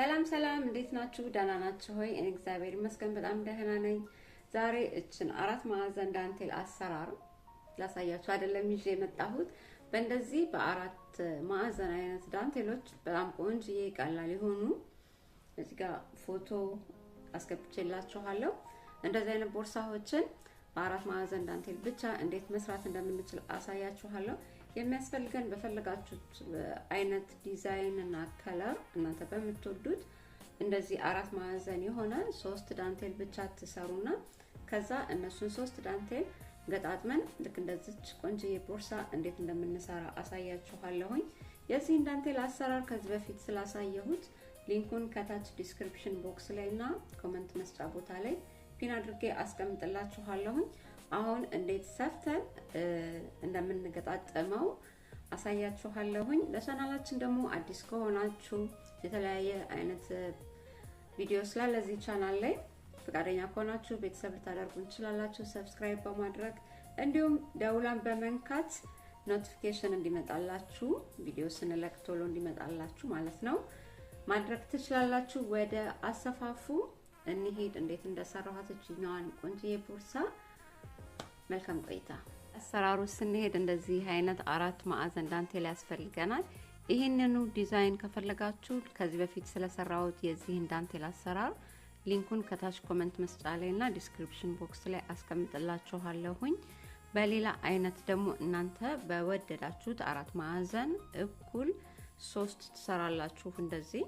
ሰላም ሰላም፣ እንዴት ናችሁ? ደህና ናችሁ ሆይ? እኔ እግዚአብሔር ይመስገን በጣም ደህና ነኝ። ዛሬ እችን አራት ማዕዘን ዳንቴል አሰራር ላሳያችሁ አይደለም ይዤ የመጣሁት በእንደዚህ በአራት ማዕዘን አይነት ዳንቴሎች በጣም ቆንጅዬ ቀላል የሆኑ እዚህ ጋር ፎቶ አስገብቼላችኋለሁ። እንደዚህ አይነት ቦርሳዎችን በአራት ማዕዘን ዳንቴል ብቻ እንዴት መስራት እንደምንችል አሳያችኋለሁ። የሚያስፈልገን በፈለጋችሁት አይነት ዲዛይን እና ከለር እናንተ በምትወዱት እንደዚህ አራት ማዕዘን የሆነ ሶስት ዳንቴል ብቻ ትሰሩና ከዛ እነሱን ሶስት ዳንቴል ገጣጥመን ልክ እንደዚች ቆንጆዬ ቦርሳ እንዴት እንደምንሰራ አሳያችኋለሁኝ። የዚህን ዳንቴል አሰራር ከዚህ በፊት ስላሳየሁት ሊንኩን ከታች ዲስክሪፕሽን ቦክስ ላይ እና ኮመንት መስጫ ቦታ ላይ ፒን አድርጌ አስቀምጥላችኋለሁኝ። አሁን እንዴት ሰፍተን እንደምንገጣጠመው አሳያችኋለሁኝ። ለቻናላችን ደግሞ አዲስ ከሆናችሁ የተለያየ አይነት ቪዲዮ ስላለዚህ ቻናል ላይ ፈቃደኛ ከሆናችሁ ቤተሰብ ልታደርጉ እንችላላችሁ። ሰብስክራይብ በማድረግ እንዲሁም ደውላን በመንካት ኖቲፊኬሽን እንዲመጣላችሁ ቪዲዮ ስንለቅ ቶሎ እንዲመጣላችሁ ማለት ነው ማድረግ ትችላላችሁ። ወደ አሰፋፉ እንሄድ። እንዴት እንደሰራኋት እችኛዋን ቆንጆዬ ቦርሳ መልካም ቆይታ። አሰራሩ ስንሄድ እንደዚህ አይነት አራት ማዕዘን ዳንቴል ያስፈልገናል። ይህንኑ ዲዛይን ከፈለጋችሁ ከዚህ በፊት ስለሰራሁት የዚህን ዳንቴል አሰራር ሊንኩን ከታች ኮመንት መስጫ ላይ እና ዲስክሪፕሽን ቦክስ ላይ አስቀምጥላችኋለሁኝ። በሌላ አይነት ደግሞ እናንተ በወደዳችሁት አራት ማዕዘን እኩል ሶስት ትሰራላችሁ። እንደዚህ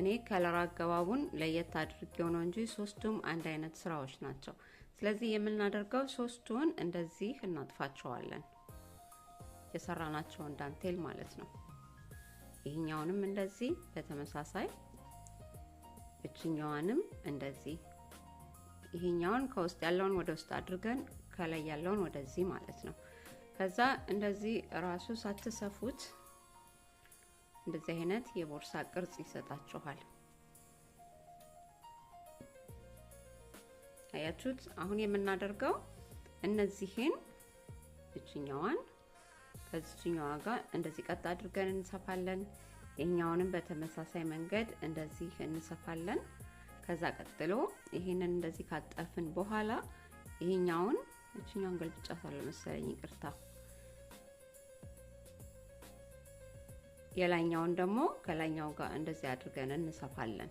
እኔ ከለር አገባቡን ለየት አድርጌው ነው እንጂ ሶስቱም አንድ አይነት ስራዎች ናቸው። ስለዚህ የምናደርገው ሶስቱን እንደዚህ እናጥፋቸዋለን የሰራናቸውን ዳንቴል ማለት ነው። ይህኛውንም እንደዚህ በተመሳሳይ እችኛዋንም እንደዚህ ይህኛውን ከውስጥ ያለውን ወደ ውስጥ አድርገን ከላይ ያለውን ወደዚህ ማለት ነው። ከዛ እንደዚህ ራሱ ሳትሰፉት እንደዚህ አይነት የቦርሳ ቅርጽ ይሰጣችኋል። አያችሁት? አሁን የምናደርገው እነዚህን እችኛዋን ከዚችኛዋ ጋር እንደዚህ ቀጥ አድርገን እንሰፋለን። ይህኛውንም በተመሳሳይ መንገድ እንደዚህ እንሰፋለን። ከዛ ቀጥሎ ይሄንን እንደዚህ ካጠፍን በኋላ ይሄኛውን እችኛውን ገልብጫታለሁ መሰለኝ፣ ይቅርታ። የላይኛውን ደግሞ ከላይኛው ጋር እንደዚህ አድርገን እንሰፋለን።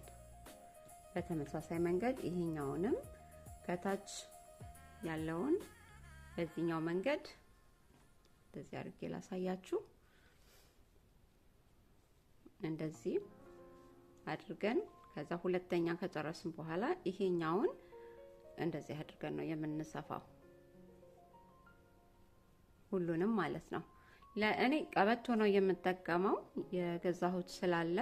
በተመሳሳይ መንገድ ይሄኛውንም ከታች ያለውን በዚህኛው መንገድ እንደዚህ አድርጌ ላሳያችሁ። እንደዚህ አድርገን ከዛ ሁለተኛ ከጨረስን በኋላ ይሄኛውን እንደዚህ አድርገን ነው የምንሰፋው፣ ሁሉንም ማለት ነው። ለእኔ ቀበቶ ነው የምጠቀመው የገዛሁት ስላለ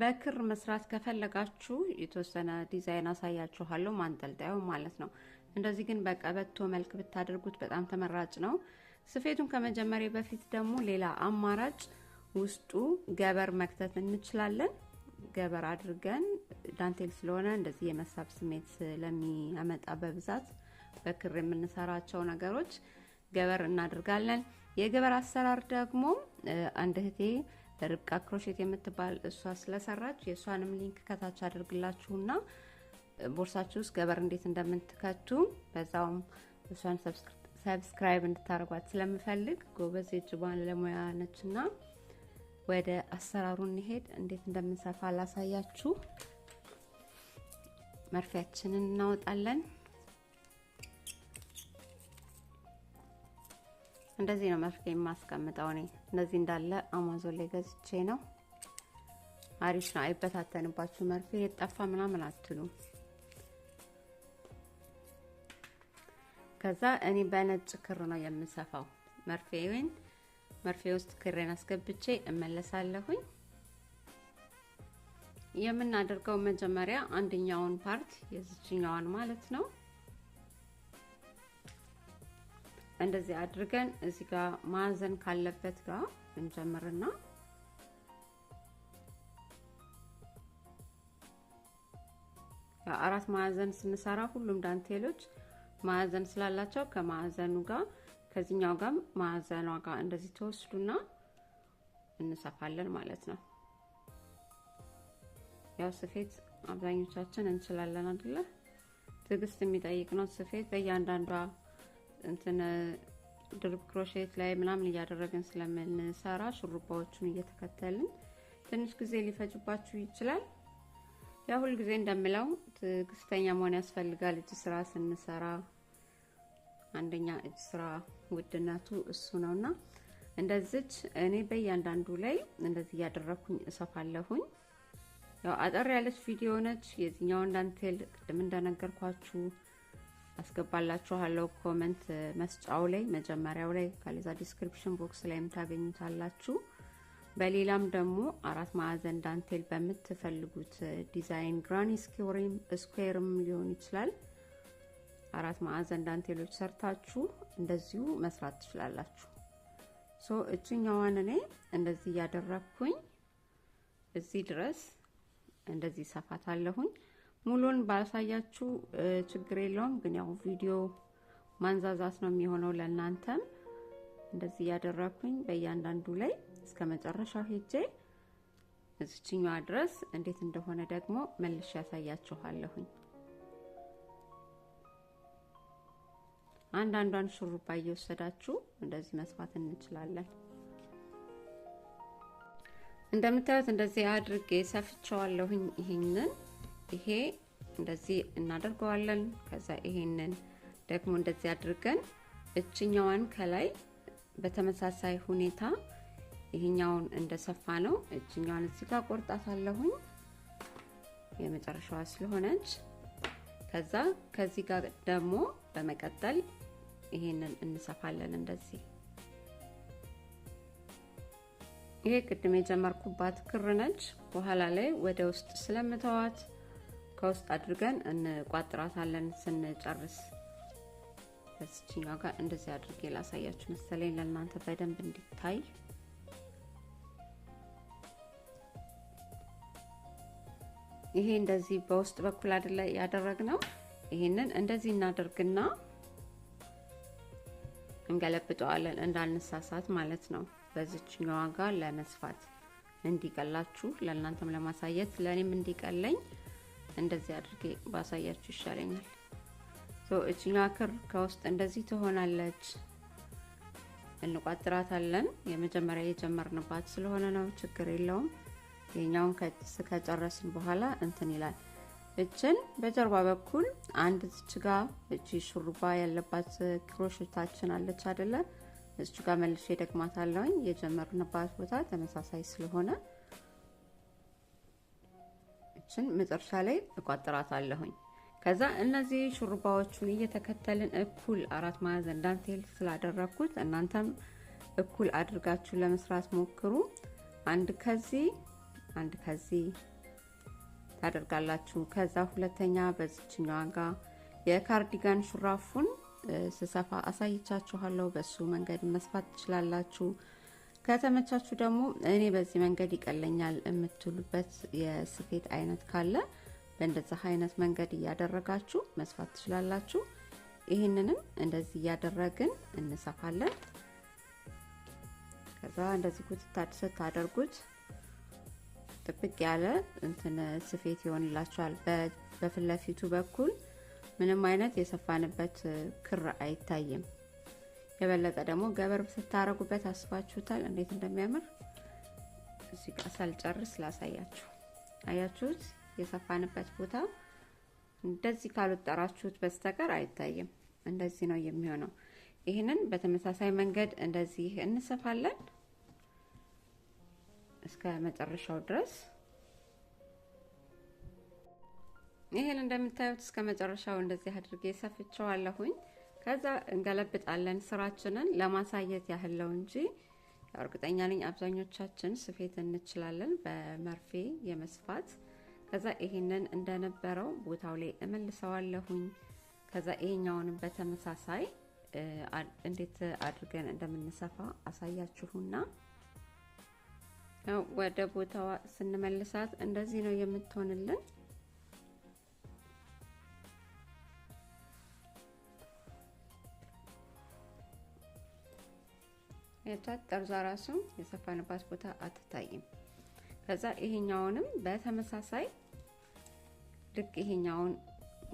በክር መስራት ከፈለጋችሁ የተወሰነ ዲዛይን አሳያችኋለሁ፣ ማንጠልጣዩ ማለት ነው። እንደዚህ ግን በቀበቶ መልክ ብታደርጉት በጣም ተመራጭ ነው። ስፌቱን ከመጀመሪያ በፊት ደግሞ ሌላ አማራጭ ውስጡ ገበር መክተት እንችላለን። ገበር አድርገን ዳንቴል ስለሆነ እንደዚህ የመሳብ ስሜት ስለሚያመጣ በብዛት በክር የምንሰራቸው ነገሮች ገበር እናድርጋለን። የገበር አሰራር ደግሞ አንድ እህቴ ርብቃ ክሮሼት የምትባል እሷ ስለሰራች የእሷንም ሊንክ ከታች አድርግላችሁና ቦርሳችሁ ውስጥ ገበር እንዴት እንደምትከቱ በዛውም እሷን ሰብስክራይብ እንድታደርጓት ስለምፈልግ ጎበዝ የእጅ ባለሙያ ና ወደ አሰራሩ እንሄድ። እንዴት እንደምንሰፋ ላሳያችሁ። መርፊያችንን እናወጣለን። እንደዚህ ነው መፍትሄ የማስቀምጠው እኔ። እነዚህ እንዳለ አማዞን ላይ ገዝቼ ነው። አሪፍ ነው፣ አይበታተንባችሁ መርፌ የጠፋ ምናምን አትሉም። ከዛ እኔ በነጭ ክር ነው የምሰፋው መርፌውን መርፌ ውስጥ ክሬን አስገብቼ እመለሳለሁኝ። የምናደርገው መጀመሪያ አንደኛውን ፓርት የዚችኛዋን ማለት ነው እንደዚህ አድርገን እዚህ ጋር ማዕዘን ካለበት ጋር እንጀምርና አራት ማዕዘን ስንሰራ ሁሉም ዳንቴሎች ማዕዘን ስላላቸው ከማዕዘኑ ጋር ከዚህኛው ጋር ማዕዘኗ ጋር እንደዚህ ተወስዱና እንሰፋለን ማለት ነው። ያው ስፌት አብዛኞቻችን እንችላለን አይደለ? ትዕግስት የሚጠይቅ ነው ስፌት በእያንዳንዷ እንትን ድርብ ክሮሼት ላይ ምናምን እያደረግን ስለምንሰራ ሹሩባዎቹን እየተከተልን ትንሽ ጊዜ ሊፈጅባችሁ ይችላል። ያ ሁል ጊዜ እንደምለው ትዕግስተኛ መሆን ያስፈልጋል። እጅ ስራ ስንሰራ አንደኛ እጅ ስራ ውድነቱ እሱ ነውና እንደዚች እኔ በእያንዳንዱ ላይ እንደዚህ እያደረግኩኝ እሰፋለሁኝ። ያው አጠር ያለች ቪዲዮ ነች። የዚህኛውን እንዳንቴል ቅድም እንደነገርኳችሁ አስገባላችኋለሁ ኮመንት መስጫው ላይ መጀመሪያው ላይ ከሌዛ ዲስክሪፕሽን ቦክስ ላይም ታገኙታላችሁ። በሌላም ደግሞ አራት ማዕዘን ዳንቴል በምትፈልጉት ዲዛይን ግራኒ ስኩዌርም ስኩዌርም ሊሆን ይችላል። አራት ማዕዘን ዳንቴሎች ሰርታችሁ እንደዚሁ መስራት ትችላላችሁ። ሶ እችኛዋን እኔ እንደዚህ እያደረግኩኝ እዚህ ድረስ እንደዚህ ሰፋት አለሁኝ። ሙሉን ባሳያችሁ ችግር የለውም፣ ግን ያው ቪዲዮ ማንዛዛት ነው የሚሆነው ለእናንተም። እንደዚህ እያደረኩኝ በእያንዳንዱ ላይ እስከ መጨረሻው ሄጄ እዚችኛዋ ድረስ እንዴት እንደሆነ ደግሞ መልሼ ያሳያችኋለሁኝ። አንዳንዷን ሹሩባ እየወሰዳችሁ እንደዚህ መስፋት እንችላለን። እንደምታዩት እንደዚህ አድርጌ ሰፍቸዋለሁኝ ይሄንን ይሄ እንደዚህ እናደርገዋለን። ከዛ ይሄንን ደግሞ እንደዚህ አድርገን እችኛዋን ከላይ በተመሳሳይ ሁኔታ ይሄኛውን እንደሰፋ ነው እችኛዋን እዚህ ጋር ቆርጣታለሁኝ የመጨረሻዋ ስለሆነች ከዛ ከዚህ ጋር ደግሞ በመቀጠል ይሄንን እንሰፋለን እንደዚህ ይሄ ቅድም የጀመርኩባት ክር ነች። በኋላ ላይ ወደ ውስጥ ስለምተዋት ከውስጥ አድርገን እንቋጥራታለን ስንጨርስ። በዚችኛው ጋር እንደዚህ አድርጌ ላሳያችሁ መሰለኝ ለእናንተ በደንብ እንዲታይ። ይሄ እንደዚህ በውስጥ በኩል ያደረግ ያደረግነው። ይሄንን እንደዚህ እናደርግና እንገለብጠዋለን እንዳንሳሳት ማለት ነው። በዚችኛዋ ጋር ለመስፋት እንዲቀላችሁ ለእናንተም ለማሳየት ለእኔም እንዲቀለኝ እንደዚህ አድርጌ ባሳያችሁ ይሻለኛል። እችኛዋ ክር ከውስጥ እንደዚህ ትሆናለች። እንቋጥራታለን። የመጀመሪያ የጀመርንባት ስለሆነ ነው፣ ችግር የለውም። የኛውን ከጨረስን በኋላ እንትን ይላል። እችን በጀርባ በኩል አንድ ዝች ጋ እቺ ሹሩባ ያለባት ክሮሽታችን አለች አደለ? እች ጋ መልሼ ደግማታለውኝ። የጀመርንባት ቦታ ተመሳሳይ ስለሆነ ችን መጨረሻ ላይ እቋጥራታለሁኝ። ከዛ እነዚህ ሹሩባዎቹን እየተከተልን እኩል አራት ማዕዘን ዳንቴል ስላደረግኩት እናንተም እኩል አድርጋችሁ ለመስራት ሞክሩ። አንድ ከዚህ አንድ ከዚህ ታደርጋላችሁ። ከዛ ሁለተኛ በዚችኛዋ ጋር የካርዲጋን ሹራፉን ስሰፋ አሳይቻችኋለሁ። በሱ መንገድ መስፋት ትችላላችሁ። ከተመቻችሁ ደግሞ እኔ በዚህ መንገድ ይቀለኛል የምትሉበት የስፌት አይነት ካለ በእንደዚህ አይነት መንገድ እያደረጋችሁ መስፋት ትችላላችሁ። ይህንንም እንደዚህ እያደረግን እንሰፋለን። ከዛ እንደዚህ ጉትታ ስታደርጉት ጥብቅ ያለ እንትን ስፌት ይሆንላችኋል። በፊት በኩል ምንም አይነት የሰፋንበት ክር አይታይም። የበለጠ ደግሞ ገበር ስታረጉበት አስባችሁታል እንዴት እንደሚያምር እዚህ ጋር ሳልጨርስ ላሳያችሁ። አያችሁት? የሰፋንበት ቦታ እንደዚህ ካልወጠራችሁት በስተቀር አይታይም። እንደዚህ ነው የሚሆነው። ይህንን በተመሳሳይ መንገድ እንደዚህ እንሰፋለን እስከ መጨረሻው ድረስ። ይህን እንደምታዩት እስከ መጨረሻው እንደዚህ አድርጌ ሰፍቸዋለሁኝ ከዛ እንገለብጣለን ስራችንን ለማሳየት ያህል ነው እንጂ እርግጠኛ ነኝ አብዛኞቻችን ስፌት እንችላለን በመርፌ የመስፋት ከዛ ይሄንን እንደነበረው ቦታው ላይ እመልሰዋለሁኝ ከዛ ይሄኛውንም በተመሳሳይ እንዴት አድርገን እንደምንሰፋ አሳያችሁና ወደ ቦታዋ ስንመልሳት እንደዚህ ነው የምትሆንልን ያቻት ጠርዟ ራሱ የሰፋንባት ቦታ አትታይም። ከዛ ይሄኛውንም በተመሳሳይ ልክ ይሄኛውን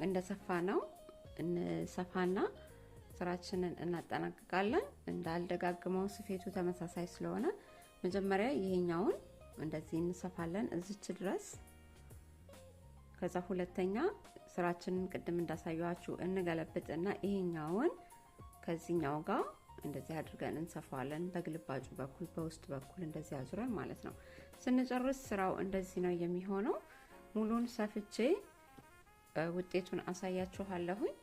እንደሰፋ ነው እንሰፋና ስራችንን እናጠናቅቃለን። እንዳልደጋግመው ስፌቱ ተመሳሳይ ስለሆነ መጀመሪያ ይሄኛውን እንደዚህ እንሰፋለን እዚች ድረስ። ከዛ ሁለተኛ ስራችንን ቅድም እንዳሳየኋችሁ እንገለብጥና ይሄኛውን ከዚህኛው ጋር እንደዚህ አድርገን እንሰፋዋለን። በግልባጩ በኩል በውስጥ በኩል እንደዚህ አዙረን ማለት ነው። ስንጨርስ ስራው እንደዚህ ነው የሚሆነው። ሙሉን ሰፍቼ ውጤቱን አሳያችኋለሁኝ።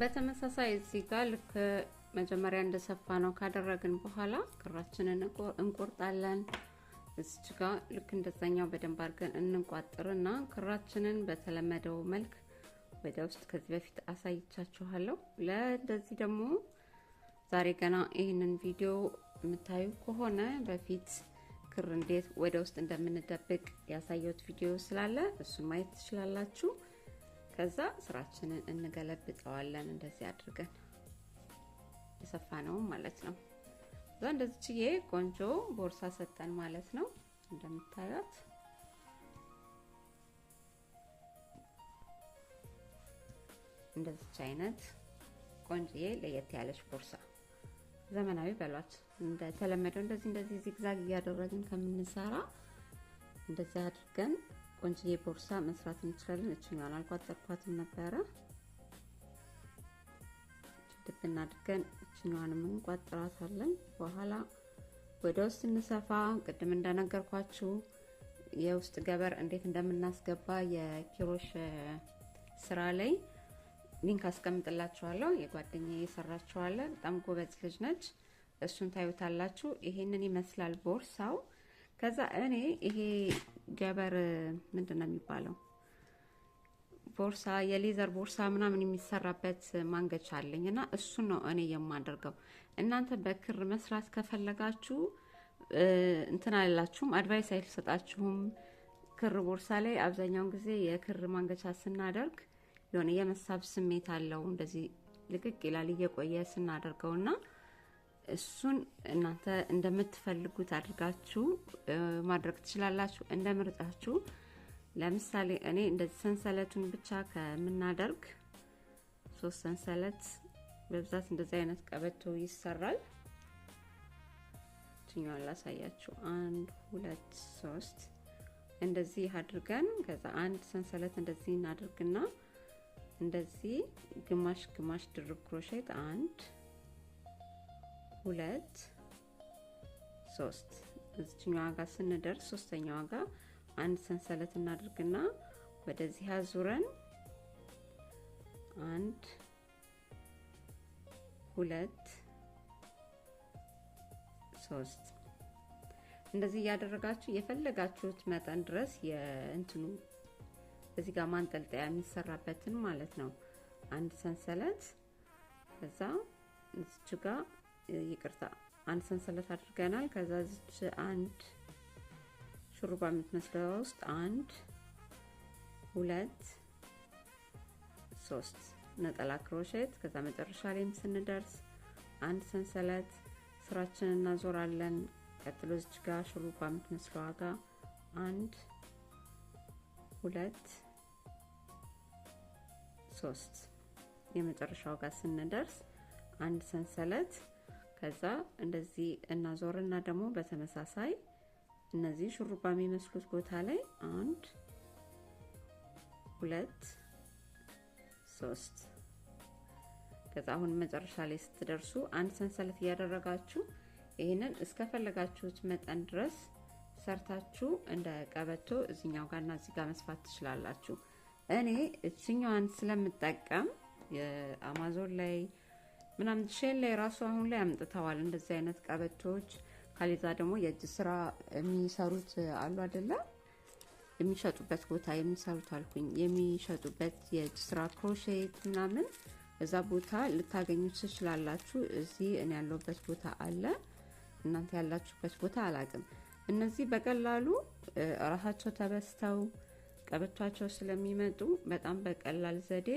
በተመሳሳይ እዚህ ጋር ልክ መጀመሪያ እንደሰፋ ነው ካደረግን በኋላ ክራችንን እንቆርጣለን። እዚች ጋር ልክ እንደዛኛው በደንብ አድርገን እንቋጥርና ክራችንን በተለመደው መልክ ወደ ውስጥ ከዚህ በፊት አሳይቻችኋለሁ። ለእንደዚህ ደግሞ ዛሬ ገና ይህንን ቪዲዮ የምታዩ ከሆነ በፊት ክር እንዴት ወደ ውስጥ እንደምንደብቅ ያሳየሁት ቪዲዮ ስላለ እሱን ማየት ትችላላችሁ። ከዛ ስራችንን እንገለብጠዋለን እንደዚህ አድርገን የሰፋ ነው ማለት ነው። እዛ እንደዚችዬ ቆንጆ ቦርሳ ሰጠን ማለት ነው። እንደምታዩት እንደዚች አይነት ቆንጆዬ ለየት ያለች ቦርሳ ዘመናዊ በሏት። እንደተለመደው እንደዚህ እንደዚህ ዚግዛግ እያደረግን ከምንሰራ እንደዚህ አድርገን ቆንጆዬ ቦርሳ መስራት እንችላለን። እችኛዋን አልቋጠርኳትም ነበረ ድብ እናድርገን እችኛዋንም እንቋጥራታለን። በኋላ ወደ ውስጥ እንሰፋ። ቅድም እንደነገርኳችሁ የውስጥ ገበር እንዴት እንደምናስገባ የኪሮሽ ስራ ላይ ሊንክ አስቀምጥላችኋለሁ። የጓደኛ የሰራችኋለ በጣም ጎበዝ ልጅ ነች። እሱን ታዩታላችሁ። ይሄንን ይመስላል ቦርሳው። ከዛ እኔ ይሄ ገበር ምንድን ነው የሚባለው ቦርሳ የሌዘር ቦርሳ ምናምን የሚሰራበት ማንገቻ አለኝ እና እሱን ነው እኔ የማደርገው። እናንተ በክር መስራት ከፈለጋችሁ እንትን አላችሁም፣ አድቫይስ አይሰጣችሁም። ክር ቦርሳ ላይ አብዛኛውን ጊዜ የክር ማንገቻ ስናደርግ የሆነ የመሳብ ስሜት አለው፣ እንደዚህ ልቅቅ ይላል እየቆየ ስናደርገው እና እሱን እናንተ እንደምትፈልጉት አድርጋችሁ ማድረግ ትችላላችሁ እንደ ምርጫችሁ። ለምሳሌ እኔ እንደዚህ ሰንሰለቱን ብቻ ከምናደርግ ሶስት ሰንሰለት በብዛት እንደዚህ አይነት ቀበቶ ይሰራል። ትኛዋን ላሳያችሁ። አንድ ሁለት ሶስት እንደዚህ አድርገን ከዛ አንድ ሰንሰለት እንደዚህ እናድርግና እንደዚህ ግማሽ ግማሽ ድርብ ክሮሼት አንድ ሁለት ሶስት እዚችኛዋ ጋር ስንደርስ ሶስተኛዋ ጋር አንድ ሰንሰለት እናድርግና ወደዚህ አዙረን አንድ ሁለት ሶስት እንደዚህ እያደረጋችሁ የፈለጋችሁት መጠን ድረስ የእንትኑ እዚህ ጋር ማንጠልጠያ የሚሰራበትን ማለት ነው። አንድ ሰንሰለት ከዛ እዚች ጋር ይቅርታ፣ አንድ ሰንሰለት አድርገናል። ከዛ እዚች አንድ ሹሩባ የምትመስለው ውስጥ አንድ ሁለት ሶስት ነጠላ ክሮሼት ከዛ መጨረሻ ላይም ስንደርስ አንድ ሰንሰለት ስራችንን እናዞራለን። ቀጥሎ እዚች ጋ ሹሩባ የምትመስለው ዋጋ አንድ ሁለት ሶስት የመጨረሻው ጋር ስንደርስ አንድ ሰንሰለት ከዛ እንደዚህ እናዞርና ደግሞ በተመሳሳይ እነዚህ ሹሩባ የሚመስሉት ቦታ ላይ አንድ ሁለት ሶስት ከዛ አሁን መጨረሻ ላይ ስትደርሱ አንድ ሰንሰለት እያደረጋችሁ ይህንን እስከፈለጋችሁት መጠን ድረስ ሰርታችሁ እንደ ቀበቶ እዚኛው ጋር እና እዚህ ጋር መስፋት ትችላላችሁ። እኔ እችኛዋን ስለምጠቀም የአማዞን ላይ ምናምን ሼን ላይ ራሱ አሁን ላይ አምጥተዋል እንደዚህ አይነት ቀበቶዎች ካሌዛ ደግሞ የእጅ ስራ የሚሰሩት አሉ አደለ የሚሸጡበት ቦታ የሚሰሩት አልኩኝ፣ የሚሸጡበት የእጅ ስራ ክሮሼት ምናምን እዛ ቦታ ልታገኙ ትችላላችሁ። እዚህ እኔ ያለውበት ቦታ አለ፣ እናንተ ያላችሁበት ቦታ አላቅም። እነዚህ በቀላሉ ራሳቸው ተበስተው ቀበቷቸው ስለሚመጡ በጣም በቀላል ዘዴ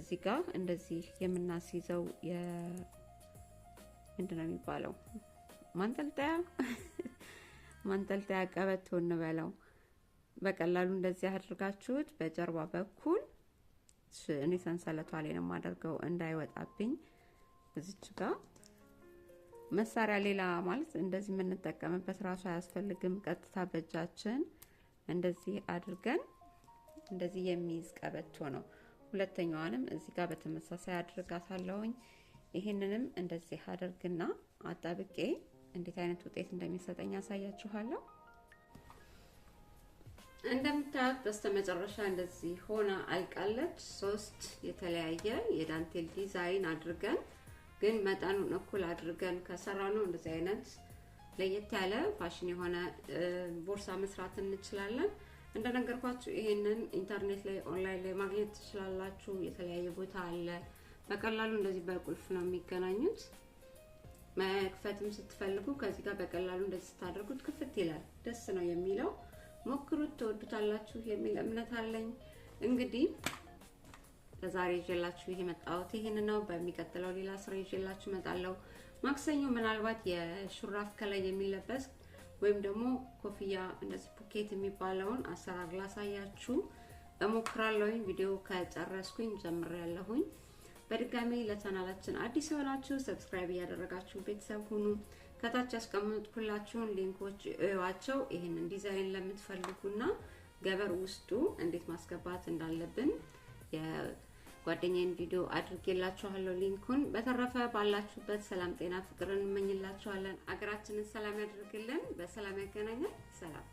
እዚህ ጋር እንደዚህ የምናስይዘው ምንድነው የሚባለው ማንጠልጠያ ማንጠልጠያ ቀበቶ እንበለው። በቀላሉ እንደዚህ አድርጋችሁት በጀርባ በኩል እኔ ሰንሰለቷ ላይ ነው የማደርገው እንዳይወጣብኝ። እዚች ጋር መሳሪያ ሌላ ማለት እንደዚህ የምንጠቀምበት ራሱ አያስፈልግም። ቀጥታ በእጃችን እንደዚህ አድርገን እንደዚህ የሚይዝ ቀበቶ ነው። ሁለተኛዋንም እዚህ ጋር በተመሳሳይ አድርጋታለሁኝ። ይህንንም እንደዚህ አድርግና አጣብቄ እንዴት አይነት ውጤት እንደሚሰጠኝ ያሳያችኋለሁ። እንደምታዩት በስተመጨረሻ እንደዚህ ሆና አልቃለች። ሶስት የተለያየ የዳንቴል ዲዛይን አድርገን ግን መጠኑን እኩል አድርገን ከሰራ ነው እንደዚህ አይነት ለየት ያለ ፋሽን የሆነ ቦርሳ መስራት እንችላለን። እንደነገርኳችሁ ይሄንን ኢንተርኔት ላይ ኦንላይን ላይ ማግኘት ትችላላችሁ። የተለያየ ቦታ አለ። በቀላሉ እንደዚህ በቁልፍ ነው የሚገናኙት። መክፈትም ስትፈልጉ ከዚህ ጋር በቀላሉ እንደዚህ ስታደርጉት ክፍት ይላል። ደስ ነው የሚለው። ሞክሩት፣ ትወዱታላችሁ የሚል እምነት አለኝ። እንግዲህ ለዛሬ ይዤላችሁ ይሄ መጣሁት ይሄን ነው። በሚቀጥለው ሌላ ስራ ይዤላችሁ እመጣለሁ። ማክሰኞ ምናልባት የሹራፍ ከላይ የሚለበስ ወይም ደግሞ ኮፍያ እንደዚህ ፖኬት የሚባለውን አሰራር ላሳያችሁ እሞክራለሁኝ። ቪዲዮ ከጨረስኩኝ ጀምሬያለሁኝ። በድጋሚ ለቻናላችን አዲስ የሆናችሁ ሰብስክራይብ እያደረጋችሁ ቤተሰብ ሁኑ። ከታች ያስቀመጥኩላችሁን ሊንኮች እዩዋቸው። ይህንን ዲዛይን ለምትፈልጉና ገበር ውስጡ እንዴት ማስገባት እንዳለብን የጓደኛዬን ቪዲዮ አድርጌላችኋለሁ ሊንኩን። በተረፈ ባላችሁበት ሰላም፣ ጤና፣ ፍቅርን እንመኝላችኋለን። አገራችንን ሰላም ያድርግልን። በሰላም ያገናኛል። ሰላም